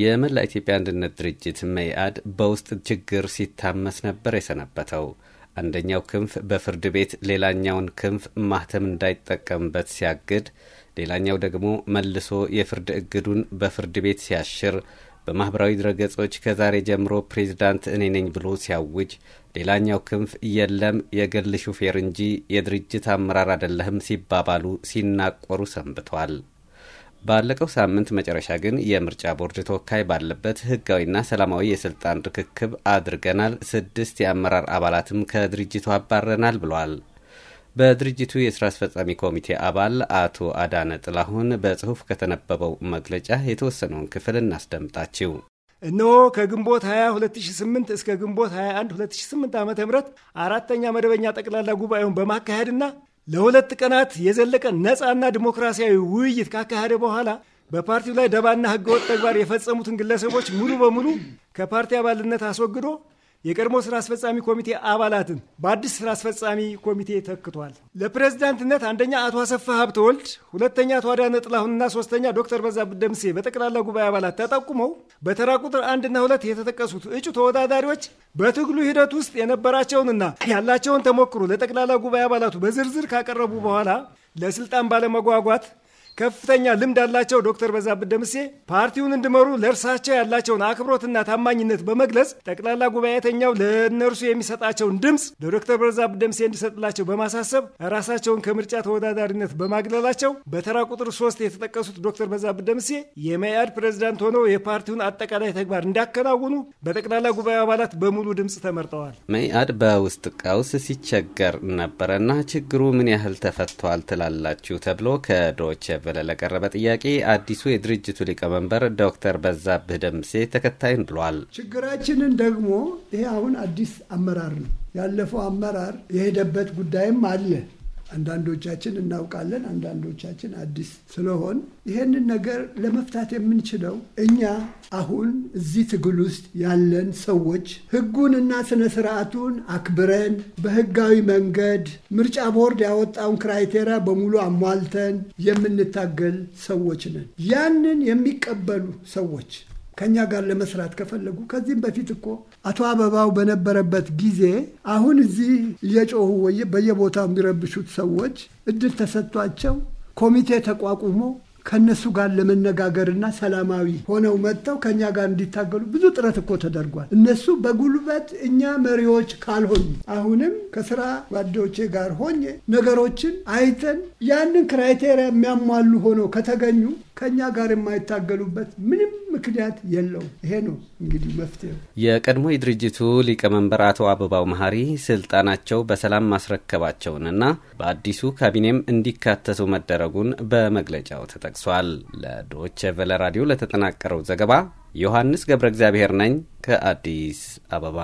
የመላ ኢትዮጵያ አንድነት ድርጅት መኢአድ በውስጥ ችግር ሲታመስ ነበር የሰነበተው። አንደኛው ክንፍ በፍርድ ቤት ሌላኛውን ክንፍ ማህተም እንዳይጠቀምበት ሲያግድ፣ ሌላኛው ደግሞ መልሶ የፍርድ እግዱን በፍርድ ቤት ሲያሽር፣ በማኅበራዊ ድረገጾች ከዛሬ ጀምሮ ፕሬዚዳንት እኔ ነኝ ብሎ ሲያውጅ፣ ሌላኛው ክንፍ የለም የግል ሹፌር እንጂ የድርጅት አመራር አይደለህም ሲባባሉ ሲናቆሩ ሰንብተዋል። ባለቀው ሳምንት መጨረሻ ግን የምርጫ ቦርድ ተወካይ ባለበት ህጋዊና ሰላማዊ የስልጣን ርክክብ አድርገናል፣ ስድስት የአመራር አባላትም ከድርጅቱ አባረናል ብሏል። በድርጅቱ የስራ አስፈጻሚ ኮሚቴ አባል አቶ አዳነ ጥላሁን በጽሁፍ ከተነበበው መግለጫ የተወሰነውን ክፍል እናስደምጣችው። እነሆ ከግንቦት 20 2008 እስከ ግንቦት 21 2008 ዓ ም አራተኛ መደበኛ ጠቅላላ ጉባኤውን በማካሄድና ለሁለት ቀናት የዘለቀ ነፃና ዲሞክራሲያዊ ውይይት ካካሄደ በኋላ በፓርቲው ላይ ደባና ህገወጥ ተግባር የፈጸሙትን ግለሰቦች ሙሉ በሙሉ ከፓርቲ አባልነት አስወግዶ የቀድሞ ስራ አስፈጻሚ ኮሚቴ አባላትን በአዲስ ስራ አስፈጻሚ ኮሚቴ ተክቷል። ለፕሬዝዳንትነት አንደኛ አቶ አሰፋ ሀብተወልድ፣ ሁለተኛ አቶ አዳነ ጥላሁንና ሶስተኛ ዶክተር በዛብህ ደምሴ በጠቅላላ ጉባኤ አባላት ተጠቁመው በተራ ቁጥር አንድና ሁለት የተጠቀሱት እጩ ተወዳዳሪዎች በትግሉ ሂደት ውስጥ የነበራቸውንና ያላቸውን ተሞክሮ ለጠቅላላ ጉባኤ አባላቱ በዝርዝር ካቀረቡ በኋላ ለስልጣን ባለመጓጓት ከፍተኛ ልምድ አላቸው ዶክተር በዛብህ ደምሴ ፓርቲውን እንዲመሩ ለእርሳቸው ያላቸውን አክብሮትና ታማኝነት በመግለጽ ጠቅላላ ጉባኤተኛው ለእነርሱ የሚሰጣቸውን ድምፅ ለዶክተር በዛብህ ደምሴ እንዲሰጥላቸው በማሳሰብ ራሳቸውን ከምርጫ ተወዳዳሪነት በማግለላቸው በተራ ቁጥር ሶስት የተጠቀሱት ዶክተር በዛብህ ደምሴ የመያድ ፕሬዚዳንት ሆነው የፓርቲውን አጠቃላይ ተግባር እንዳከናውኑ በጠቅላላ ጉባኤ አባላት በሙሉ ድምፅ ተመርጠዋል። መያድ በውስጥ ቀውስ ሲቸገር ነበረና ችግሩ ምን ያህል ተፈቷል ትላላችሁ ተብሎ ከዶቸ በበለ ለቀረበ ጥያቄ አዲሱ የድርጅቱ ሊቀመንበር ዶክተር በዛብህ ደምሴ ተከታይን ብሏል። ችግራችንን ደግሞ ይሄ አሁን አዲስ አመራር ነው። ያለፈው አመራር የሄደበት ጉዳይም አለ። አንዳንዶቻችን እናውቃለን፣ አንዳንዶቻችን አዲስ ስለሆን ይሄንን ነገር ለመፍታት የምንችለው እኛ አሁን እዚህ ትግል ውስጥ ያለን ሰዎች ሕጉንና ስነ ስርዓቱን አክብረን በህጋዊ መንገድ ምርጫ ቦርድ ያወጣውን ክራይቴሪያ በሙሉ አሟልተን የምንታገል ሰዎች ነን። ያንን የሚቀበሉ ሰዎች ከእኛ ጋር ለመስራት ከፈለጉ ከዚህም በፊት እኮ አቶ አበባው በነበረበት ጊዜ አሁን እዚህ እየጮሁ በየቦታው የሚረብሹት ሰዎች እድል ተሰጥቷቸው ኮሚቴ ተቋቁሞ ከእነሱ ጋር ለመነጋገርና ሰላማዊ ሆነው መጥተው ከእኛ ጋር እንዲታገሉ ብዙ ጥረት እኮ ተደርጓል። እነሱ በጉልበት እኛ መሪዎች ካልሆኝ አሁንም ከስራ ጓደኞቼ ጋር ሆኜ ነገሮችን አይተን ያንን ክራይቴሪያ የሚያሟሉ ሆነው ከተገኙ ከእኛ ጋር የማይታገሉበት ምንም ምክንያት የለው ይሄ ነው እንግዲህ መፍትሄው። የቀድሞ የድርጅቱ ሊቀመንበር አቶ አበባው መሀሪ ስልጣናቸው በሰላም ማስረከባቸውንና በአዲሱ ካቢኔም እንዲካተቱ መደረጉን በመግለጫው ተጠቅሷል። ለዶች ቨለ ራዲዮ ለተጠናቀረው ዘገባ ዮሐንስ ገብረ እግዚአብሔር ነኝ ከአዲስ አበባ